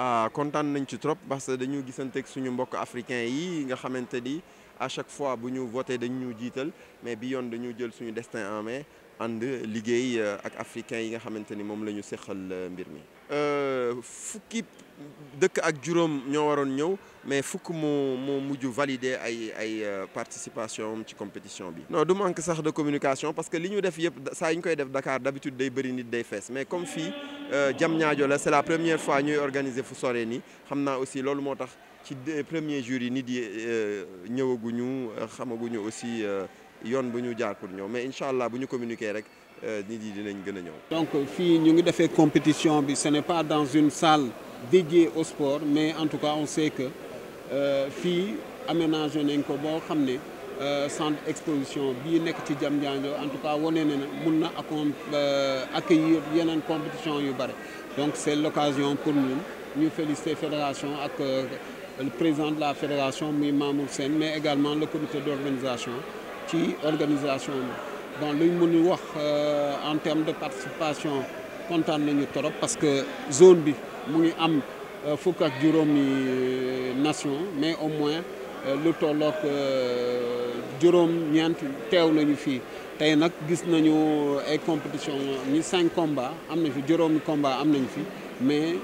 Ah, kontaan nañ ci trop parce que dañu gisanteeg suñu mbokk africain yi nga xamante ni à chaque fois bu ñu voté dañu jital mais bi yoon dañu jël suñu destin en main and liguey euh, ak africain yi nga xamante ni moom la ñu euh, mbir mi. euh fukki deuk ak juróom ñoo waroon mais fukk mo mo muju valider ay ay euh, participation ci compétition bi. non du manque sax de communication parce que liñu def yépp sa ñu koy def Dakar d'habitude day bari nit day fees mais comme euh, jam Diamniadio la c'est la première fois ñuy organiser fu soree nii xam aussi lolu motax ci premier jury nit yi euh, xamaguñu aussi yone buñu jaar pour mais inshallah buñu communiquer rek euh, nit yi dinañ gëna donc euh, fi ñu ngi fait compétition bi ce n'est pas dans une salle dédiée au sport mais en tout cas on sait que euh, fii aménagé nañ ko bo xamné euh centre exposition bi nek ci jam en tout cas on na ne na accueillir yenen compétition yu bari donc c'est l'occasion pour Nous ñu féliciter fédération ak le président de la fédération muy Mamour mais également le comité d'organisation ci organisation dans le luñ wax euh, en terme de participation kontaan nañu trop parce que zone bi mu ngi am euh, fukk ak euh, nation mais au moins lu tolloog juróom ñeent teew nañu fii tey nag gis nañu ay compétition ñi cinq combats amener na fi juróomi combat am fi mais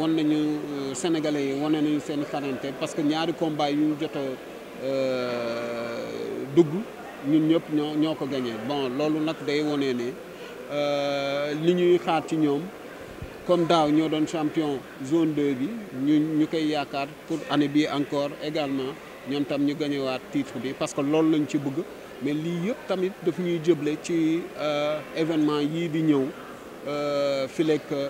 wan nañu sénégalais yi wane nañu seen parce que ñaari combat yu ñu jot a dugg ñun ñëpp ñoo ñoo ko gagné bon loolu nak day wone euh li ñuy xaar ci ñoom comme daw ñoo doon champion zone 2 bi ñun ñukay koy yaakaar pour année bi encore également ñom tam ñu gagné waat titre bi parce que loolu lañ ci bëgg mais li yëpp tamit daf ñuy jëble ci euh événement yi di ñëw euh fileeg euh,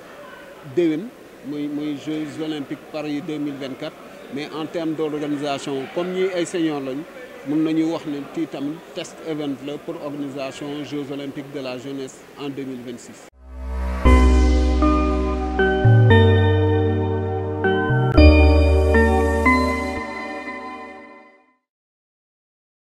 déwén muy muy Jeux olympiques Paris 2024 mais en termes d'organisation comme ñi ay senior lañ nous avons wax un test event pour pour organisation Jeux olympiques de la jeunesse en 2026.